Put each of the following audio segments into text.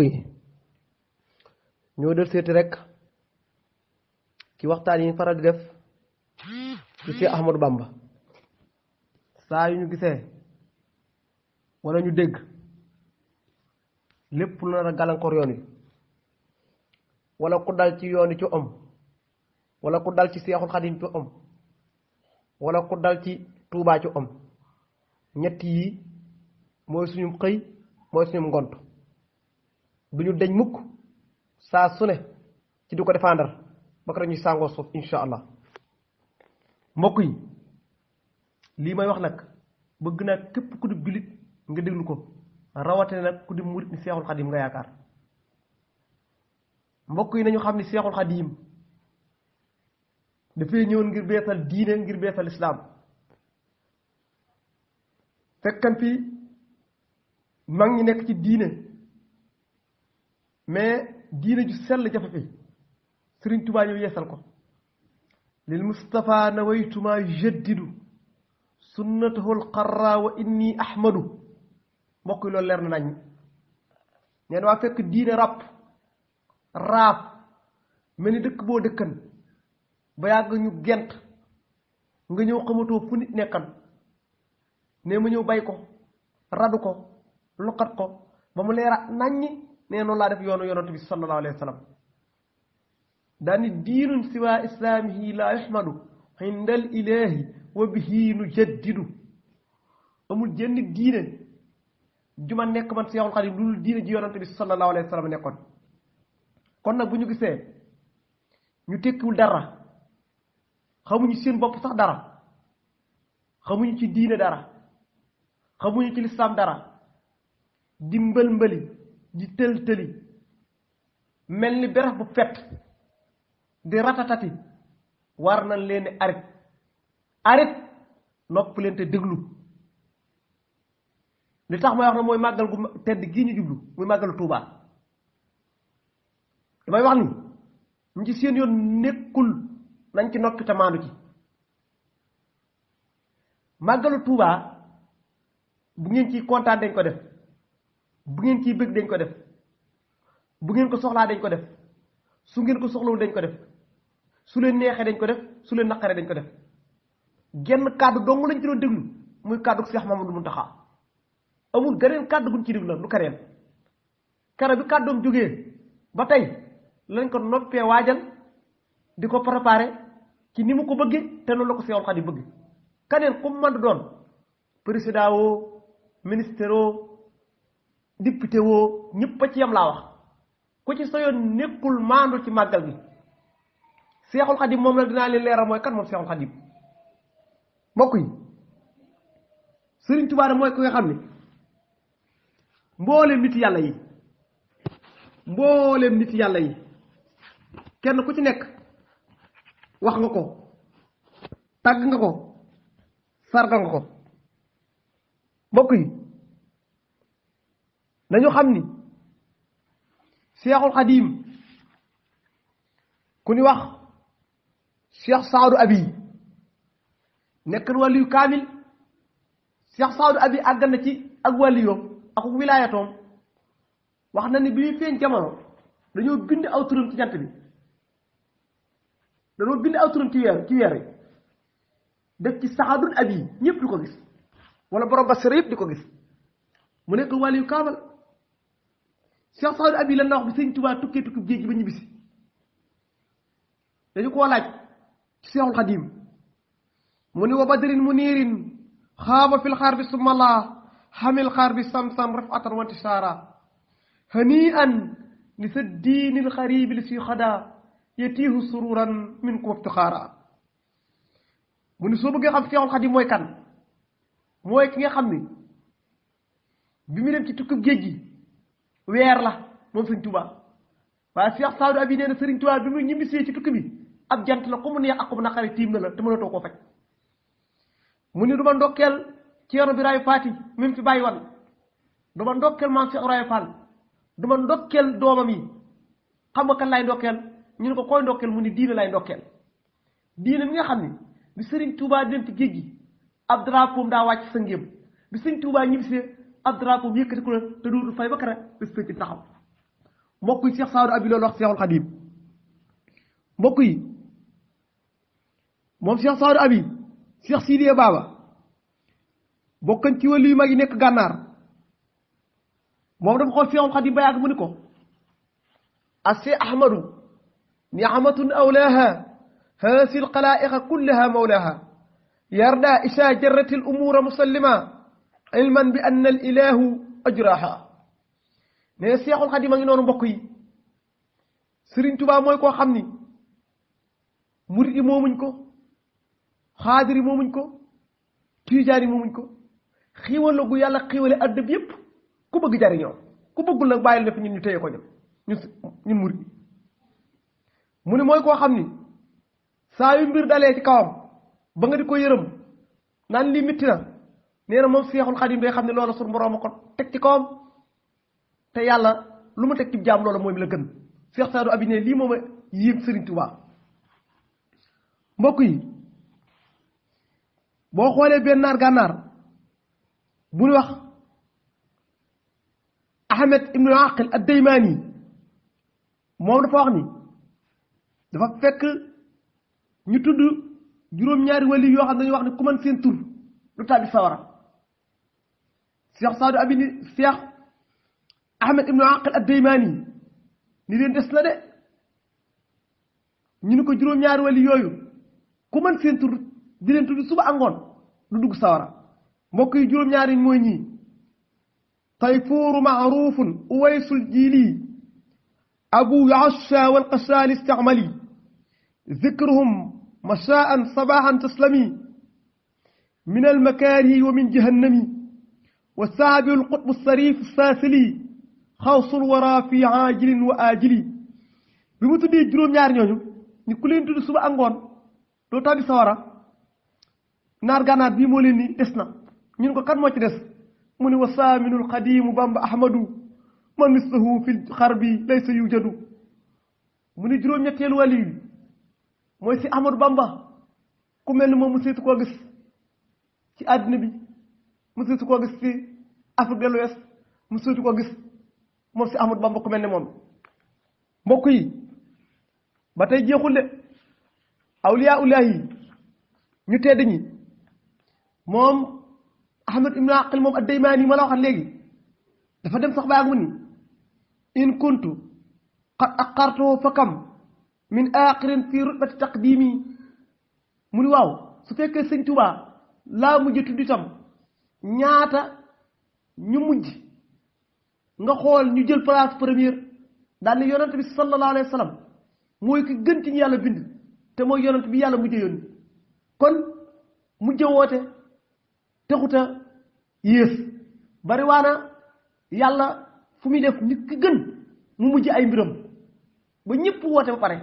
mbokk yi ñoo del seeti rek ci waxtaan yi faral di def ci Cheikh Ahmadou Bamba saa yu ñu gisee wala ñu dégg lépp lu nar a yoon wi wala ku dal ci yoon wi ci om wala ku dal ci Seexul ci om wala ku dal Tuubaa ci om ñett yi mooy suñu xëy mooy suñu ngont du ñu deñ mukk saa su ci du ko défendre ba ko dañuy sàngoo suuf insha allah mbokk yi lii may wax nag bëgg naa képp ku di jullit nga déglu ko rawatina nag ku di murit ni seexul xadim nga yaakaar mbokk yi nañu xam ni seexul xadim dafay ñëwoon ngir beesal diine ngir beesal islaam fekkan fi mag ñi nekk ci diine mais diine ju sell jafe fi sëriñ tubaa ñëw yeesal ko lil mustapha nawaytuma jaddidu sunnatahu lqarra wa inni ahmadu mbokk leer na nañ neen waa fekk diine ràpp raaf mel ni dëkk boo dëkkan ba yàgg ñu gent nga ñëw xamatoo fu nit nekkan ne ma ñëw bay ko radu ko luqat ko ba mu leera naññi nee noonu laa def yoonu yonent bi sallallahu alayhi wa sallam daani diinun siwa islaamihi laa yuhmadu indal ilaahi wa bihi nu jaddidu amul jënn diine juma nekk man Seexul Xadiim lu dul diine ji yonent bi sallallahu alayhi wa nekkoon kon nag bu ñu gisee ñu tekkiwul dara xamuñu seen bopp sax dara xamuñu ci diine dara xamuñu ci lislaam dara di mbël di tël tëli mel ni beraf bu fett di ratatati war nañ leen di arit arit nopp leen te déglu li tax may wax na mooy màggal gu gii ñu jublu muy màggalu Tuubaa damay wax ni ñu ci seen yoon nekkul nañ ci noppi te maandu ci màggalu Tuubaa bu ngeen ci kontaan dañ ko def bu ngeen ciy bëgg dañ ko def bu ngeen ko soxlaa dañ ko def su ngeen ko soxlawul dañ ko def su leen neexee dañ ko def su leen naqaree dañ ko def genn kàddu dong lañ ci doon déglu muy kàddu Seex Mamadu Muntaxa amul ganeen kàddu guñ ci déglu lu kareen kara bi kàddoom jógee ba tey lañ ko noppee waajal di ko préparé ci ni mu ko bëggee te noonu la ko Seexul Xadiim bëgg kaneen ku mën doon président woo ministre député woo ñëpp ci yam laa wax ku ci sa nekkul maandu ci màggal bi seexul xadim moom la dinaa leen leeral mooy kan moom seexul xadim mbokk yi sëriñ mooy ki nga xam ne mboolem nit yàlla yi mboolem nit yàlla yi kenn ku ci nekk wax nga ko tàgg nga ko sarga nga ko mbokk nañu xam ni seexul xadiim ku ñu wax seex saadu abi nekk wàlliyu kaamil seex saadu abi àgg na ci ak wàlliyoom ak wilaayatoom wax na ni bi ñuy feeñ jamono dañoo bind aw turam ci jant bi dañoo bind aw turam ci weer ci weer yi def ci saadun abi ñëpp di ko gis wala borom basira yëpp di ko gis mu nekk wàlliyu kaamal Cheikh Saadu Abi lan la wax bi sëñ tukki géej gi ba ñibbisi dañu koo laaj ci Seexul Xadiim wa badrin muniirin xaaba fil xaar bi sumala xamil xaar bi sam wanti saara hani an li sa diinil xaribi li suy xadaa yetiihu sururan min ku wabtixaara mu ni soo bëggee xam Seexul Xadiim mooy kan mooy ki nga xam ni bi mu tukki géej gi weer la moom sëñ Touba waaye Cheikh Saadu Abi nee na sëriñ Touba bi mu ñibbisee ci tukki bi ab jant la ku mu neex ak ku mu naqari tiim na la te mënatoo koo faj mu ni du ma ndokkeel Ceerno Birahim Faati mi mu fi bàyyi wan du ma ndokkeel maam Cheikh Ibrahima Fall du ma ndokkeel doomam yi xam nga kan lay ndokkeel ñu ne ko koy ndokkeel mu ni diine lay ndokkeel diine mi nga xam ni bi sëriñ Touba dem ci géej gi ab drapeau daa wàcc sa ngéem bi sëriñ ab drapeau bi yëkkati ku ne fay ba kere bés yi Cheikh Saadu Abi loolu wax Cheikhul Xadim mbokk yi moom Cheikh Abi Cheikh Sidiya Baba bokkan ci wàllu yu mag yi nekk gànnaar moom dafa xool Cheikhul Xadim ba yàgg mu ni ko asee ahmadu niamatun awlaaha haasi alxalaa'iqa kullaha mawlaaha yarda isaa jarrati al muslima ilman bi anna al ilahu ajraha ne seexul xadim a ngi noonu mbokk yi sëriñ tubaa mooy koo xam ni murit yi moomuñ ko xaadir yi moomuñ ko tiijaan yi moomuñ ko xiiwal la yàlla xiiwale àddina bi yépp ku bëgg jariñoo ku bëggul nag bàyyil na fi ñun ñu téye ko ñun ñun murit yi mu mooy koo xam ni saa yu mbir dalee ci kawam ba nga di ko yërëm naan lii mitti nee na moom seexul xadim day xam ne loola suñu borom a ko teg ci kawam te yàlla lu ma teg ci jaam loola mooy la gën seex saadu abi lii moom a yéem Sëriñ Tuubaa mbokk yi boo xoolee benn naar gànnaar bu ñu wax Ahmed ibnu Aqil ad-Daymaani moom dafa wax ni dafa fekk ñu tudd juróom-ñaari wali yoo xam ne dañuy wax ne ku man seen tur lu tàbbi sawara Cheikh Saadu Abini Cheikh Ahmed Ibnu Aqil ad-Daymaani ni leen des de ñu ni ko juróom-ñaari wali yooyu ku mën seen tur di leen tudd suba angoon du dugg sawara mbokk yi juróom-ñaari mooy ñii tayfuuru maarufun uwaysul jiili abu yaasha walqasaali isticmali zikruhum mashaan sabahan taslami min almakaarihi wa min jahannami والسعدي القطب الصريف الساسلي xawsu wara fi ajilin wa ajili bi mu tuddee juróom-ñaari ñooñu ñu ku leen tudd suba ak ngoon doo tàbbi sawara naar gànnaar bii moo leen ni ko kan moo ci des mu ni wa saaminul xadiimu bamba ahmadu man mislahu fil xarbi laysa yujadu mu ni juróom-ñetteelu wàli yi mooy si ahmadu bamba ku mel ni moom mu seetu ci àddina bi mu seetu Afrique de l'Ouest mu suuti ko gis moom si Ahmadu Bamba ku mel ne moom mbokk yi ba tey jeexul de awliyaa ulaahi yi ñu tedd ñi moom Ahmad ibnu Aqil moom ad-Daymaani ma la waxat léegi dafa dem sax baa mu ni in kuntu qad aqartuhu fa kam min aqirin fi rutbati taqdimi mu ni waaw su fekkee sëñ Tuubaa laa mujj tudd itam ñaata ñu mujj nga xool ñu jël place première daal ne yonent bi sallallahu alayhi mooy ki gën yàlla bind te mooy yonent bi yàlla mujj yónni kon mujj woote texuta yées bari waana yàlla fu muy def nit ki gën mu mujj ay mbiram ba ñëpp woote ba pare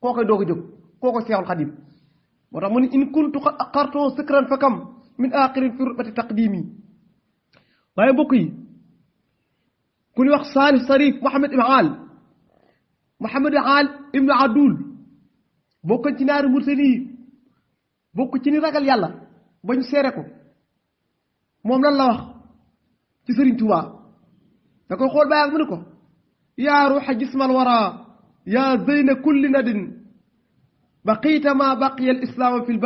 koo koy doog a koo koy seexul xadim moo tax mu ne in kuntu xartoo sëkran fa kam min axirin fi rubati taqdimi waaye mbokk yi ku ñu wax saalif sarif mohamad ibn aal mohamad ibn aal ibnu adul bokkoon ci naari mursali yi bokk ci ni ragal yàlla ba ñu seere ko moom lan la wax ci sëriñ Tuubaa da koy xool bàyyi mu ko yaa ruuxa jismal wara yaa zeyna kulli nadin baqiita ma baqiya al fi l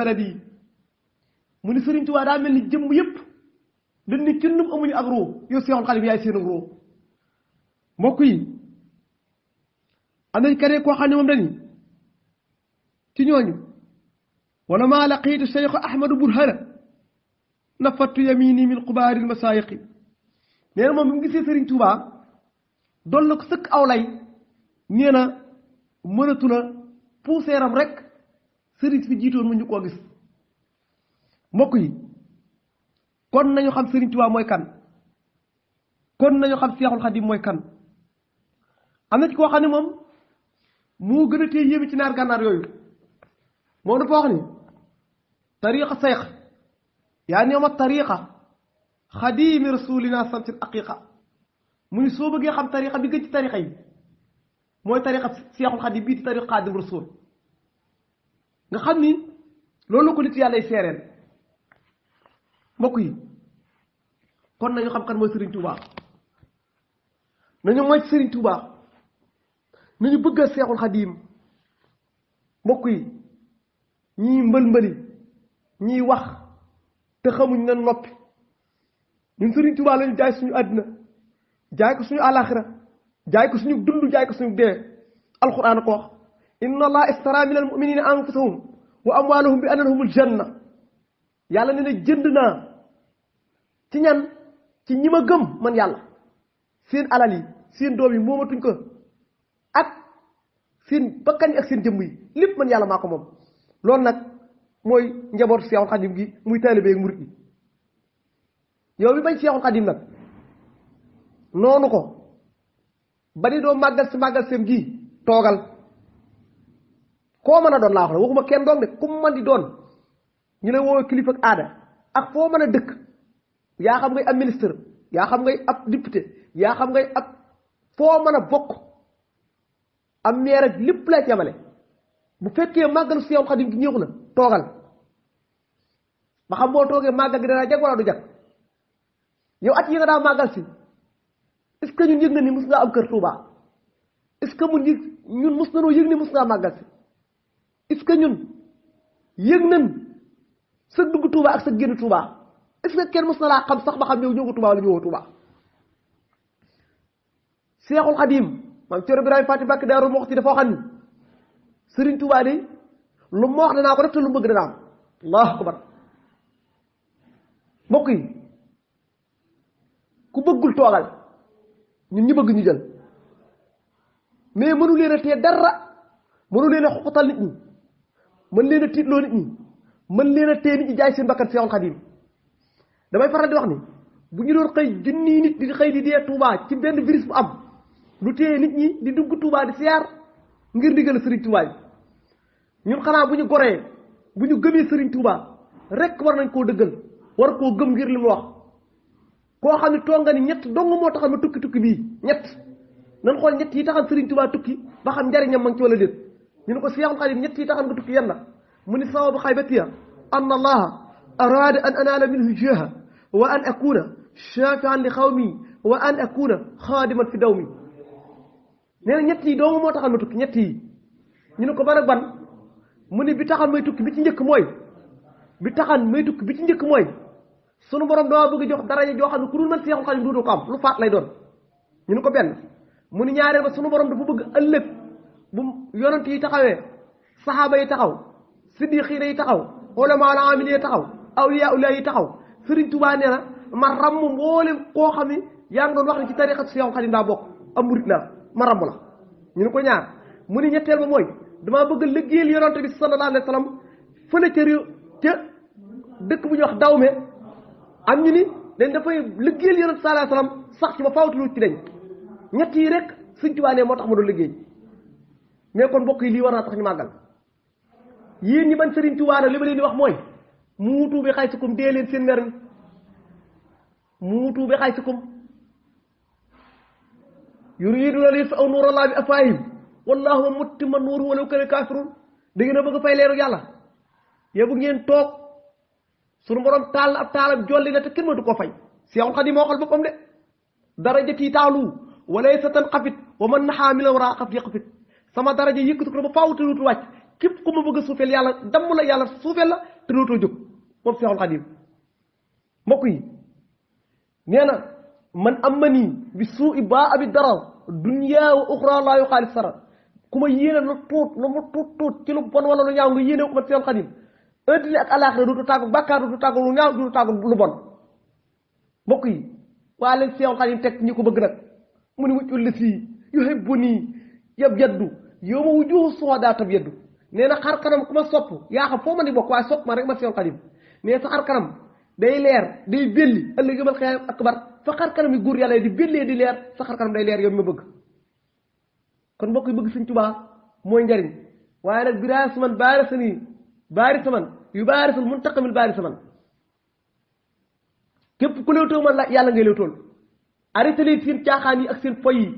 mu ne sëriñ Tuubaa daa mel ni jëmm yépp dañ ne kenn muñu ak ruu yow Seexul Xadiim yaay seen ak ruu mbokk yi am nañ keneen koo xam ne moom dañu ci ñooñu wala maa laqiitu Cheikh Ahmadu Burhana nafattu yamini min xubaaril masaayiqi nee moom bi mu gisee Serigne Touba doon na ko sëkk aw lay nee na mënatu la puuseeram rek Serigne fi jiitoon mu ñu koo gis mbokk yi. kon nañu xam Serigne Touba mooy kan nañu xam Seexul Xadim mooy kan am na ci koo xam ne moom mu gën a téye yéeme ci naar gànnaar yooyu moom dafa wax ni tariqa seex yaa ni ma tariqa xadimi rasulina samsin aqiqa mu soo bëggee xam tariqa bi gën ci tariqa yi mooy tariqa Seexul Xadim bii di tariqa Rasul nga xam ni loolu ko nit yàlla ay seereen mbokk yi kon nañu xam kan mooy Serigne Touba nañu moytu Serigne Touba nañu bëgg a seexul xadiim mbokk yi ñiy mbël-mbëli ñiy wax te xamuñ na noppi ñun Serigne Touba lañu jaay suñu àddina jaay ko suñu alaxira jaay ko suñu dund jaay ko suñu dee alxuraan ko wax inna allah istara min anfusahum wa amwaalahum bi annahumul janna yàlla ne na jënd naa ci ñan ci ñi ma gëm man yàlla seen alal yi seen doom yi moomatuñ ko ak seen bakkan yi ak seen jëmm yi lépp man yàlla maa ko moom loolu nag mooy njabootu Seexul Xadim yi yow mi bañ Seexul nag noonu ko ba ni doo màggal si màggal seem gii toogal koo man a doon laa wax waxuma kenn doon de ku man di doon ñu lay woowee kilifa ak aada ak foo mën a dëkk yaa xam ngay ab ministre yaa xam ngay ab député yaa xam ngay ab foo mën a bokk am meer ak lépp lay yemale bu fekkee màggal Seexul Xadim gi ñëw na toogal ba xam boo toogee màggal gi danaa jag wala du jag yow at yi nga daa màggal si est ñun yëg na ni mus ngaa am kër Tuubaa est-ce que mun ñun mus nanoo yëg ni mus ngaa màggal si est ñun yëg nan sa dugg Tuubaa ak sa génn Tuubaa est-ce que kenn mës na laa xam sax ba xam ñëw ñëw Tuubaa wala ñëwoo Tuubaa Seexul Xadiim maam Ceerno Birahim Faty Mbacké Daaru Muxti dafa Tuubaa de lu ma danaa ko def te lu bëgg danaa am allahu akbar mbokk ku bëggul toogal ñu bëgg ñu jël mais mënu leen a tee dara mënu leen nit ñi mën leen a tiitloo nit ñi mën leen a tee nit ñi jaay seen bakkan Seexul Xadiim damay faral di wax ni bu ñu doon xëy junni nit di xëy di dee Touba ci benn virus bu am lu téye nit ñi di dugg Touba di siyaar ngir digal Serigne Touba bi ñun xanaa bu ñu goree bu ñu gëmee sëriñ Touba rekk war nañ koo dëggal war koo gëm ngir li mu wax koo xam ne toog nga ni ñett dong moo tax ma tukki tukki bii ñett nan xool ñett yi taxal sëriñ Touba tukki ba xam njariñam ma ci wala déet ñu ne ko Seexul Xadiim ñett yi taxal nga tukki yan la mu ni sawabu xaybatiya an allaha araada wa an akuna shafian li xawmi wa an akuna xaadiman fi dawmi nee na ñett yi doomu moo taxal ma tukki ñett yi ñu ne ko ban ak ban mu ne bi taxal may tukki bi ci njëkk mooy bi taxal may tukki bi ci njëkk mooy sunu borom dama bëgg jox daraja joo xam ne ku dul man seexul xadim duudu lu faat lay doon ñu ne ko benn mu ne ñaareel ba sunu borom dafa bëgg ëllëg bu yonent yi taxawee saxaaba yi taxaw siddiqiina yi taxaw ulama al amili yi taxaw awliya ullahi yi taxaw Serigne Touba nee na ma ràmm mboolem koo xam ne yaa ngi doon wax ne ci tariqatu Seexul Xadiim daa bokk am murit la ma ràmm la ñu ne ko ñaar mu ni ñetteel ba mooy damaa bëgg a liggéeyal bi sallallahu alayhi wa sallam fële ca bu ñuy wax dawme am ñu ni dañ dafay liggéeyal yonante sallallahu alayhi wa sallam sax ci ba faawtulu ci dañ ñett yi rek Sëriñ Tuubaa moo tax ma doon liggéey mais kon mbokk yi lii war naa tax ñu màggal yéen ñi bañ Sëriñ Tuubaa nag li ma leen di wax mooy muutu bi xaysikum dee leen seen mer mi muutu bi xaysikum yuriiduuna liyutfi'u nuura llaahi bi afwaahihim wallaahu mutimmu nuurihi walaw kariha l-kaafiruun da ngeen a bëgg fay leeru yàlla yow bu ngeen toog sunu borom taal ab taalam na te kenn mënatu ko fay Seexul Xadiim moo xool boppam de daraja tii taalu walaysa tanxafit wa man naxaa minal waraa xafit yaqfit sama daraja yëkkatu ko ba faaw te dootul wàcc képp ku ma bëgg a suufeel yàlla damm la yàlla suufeel la te moom Seexul Xadiim mbokk yi nee na man am ma nii bi suu i baa abi darar dunya wa uxra laa yu xaalis sara ku ma yéene lu tuut lu mu tuut tuut ci lu bon wala lu ñaaw nga yéene ko man Seexul Xadiim àddina ak alaaxira duutu tàggu bàkkaar duutu tàggu lu ñaaw duutu tàggu lu bon mbokk yi waa leen Seexul Xadiim teg ñi ko bëgg nag mu ni wëccul la sii yow ma wujuhu tab yaddu nee na xar kanam ku sopp yaa xam ma di bokk waaye sopp ma rek ma Seexul Xadiim nee sa xar day leer day belli ëllëg yëmal xëyaam akbar yàlla di bellee di leer sa day leer yow mi bëgg kon mbokk yi bëgg sëñ Tuubaa mooy njariñ waaye nag biraas man baari nii baari man yu baari sa mun man képp ku léewtoo yàlla ngay léewtool arrêté leen seen caaxaan yi ak seen foy yi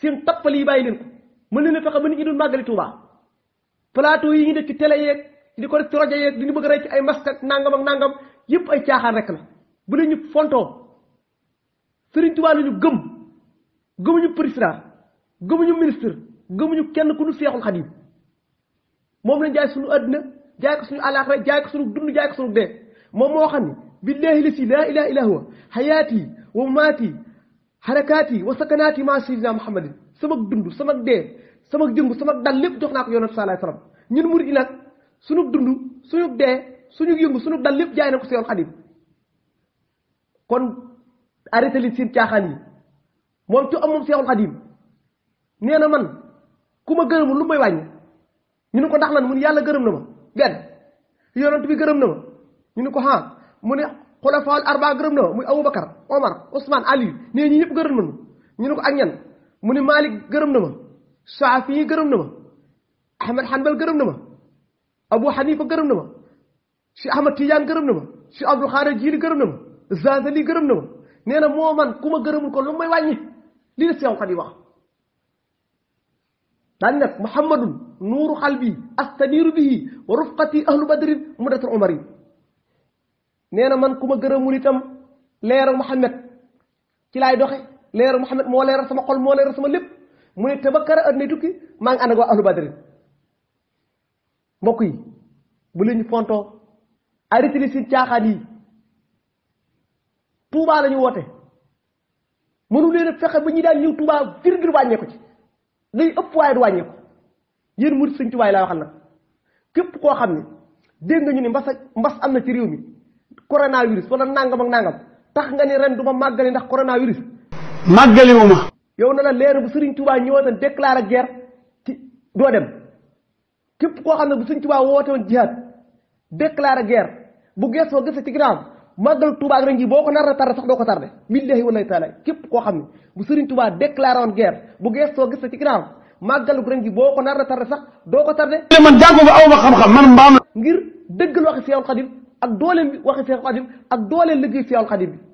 seen tappal yi bàyyi leen ko mën leen a fexe mën ñu doon màggali Tuubaa yi ñu def ci télé yeeg di ko def ci rajo yeeg ñu bëgg rek ci ay masque ak nangam ak nangam yëpp ay caaxaan rek la bu leen ñu fontoo Sëriñ Tuubaa la ñu gëm gëmuñu président gëmuñu ministre gëmuñu kenn ku ñu seexul Xadiim moom lañ jaay sunu àddina jaay ko suñu alaaxira jaay ko suñu dund jaay ko suñu dee moom moo xam ne billaahi la si laa ilaaha illaa huwa xayaati wa mamaati xarakaati wa sakanaati maa sayyidinaa Muhammadin sama dund sama dee sama jëngu sama dal lépp jox naa ko yonent suñu dund suñu dee suñu yëngu suñu dal lépp jaay na ko si yoon xadim kon arrêté li caaxaan yi moom ci am moom seexul xadim nee na man ku ma gërëmul lu may wàññi ñu ko ndax lan mun yàlla gërëm na ma benn yonent bi gërëm na ma ñu ne ko ah mu ne xulafaal arba gërëm na ma muy Aboubacar Omar Ousmane Ali nee ñi ñëpp gërëm na ma ñu ne ko ak ñan mu ne Malik gërëm na ma Saafi gërëm na ma Ahmed Hanbal gërëm na ma Abu Hanifa gërëm na ma si Ahmad Tidiane gërëm na ma si Abdul Xaadir Jiili gërëm na ma Zazali gërëm na ma nee moo man ku ma gërëmul ko lu may wàññi lii la Seex Xaadim wax daan nag Muhammadun nuuru xalbi astaniiru bihi wa rufqati ahlu badrin mudatul umari nee na man ku ma gërëmul itam leeral Muhammad ci laay doxe leeral Muhammad moo leeral sama xol moo leeral sama lépp mu ne te ba kër tukki maa ngi ànd waa ahlu badrin mbokk yi bu leen ñu fontoo arrêté li si caaxaan yi Touba la woote mënu leen a fexe ba ñuy daan ñëw Touba virgule wàññeeku ci day ëpp waaye du wàññeeku yéen murid Sëñ Touba yi laa waxal nag képp koo xam ne dégg nga ñu ne mbas mbas am na ci réew mi coronavirus wala nangam ak nangam tax nga ni ren du ma màggali ndax coronavirus. màggali yow na la leer bu Serigne Touba ñëwoon na déclaré guerre ci doo dem. képp koo xam ne bu Sëñ Tuubaa woote woon jihaad déclaré guerre bu geesoo gëstu ci ginnaaw màggal Tuubaa ak ren boo ko nar a tardé sax doo ko tardé billaahi wallaahi taala képp koo xam ne bu Sëriñ Tuubaa déclaré woon guerre bu geesoo gëstu ci ginnaaw màggal ren jii boo ko nar a tardé sax doo ko tardé. man jàngu ba aw ma xam-xam man mbaam. ngir dëggal waxi Seexul Xadim ak dooleel waxi Seexul Xadim ak dooleel liggéey Seexul Xadim bi.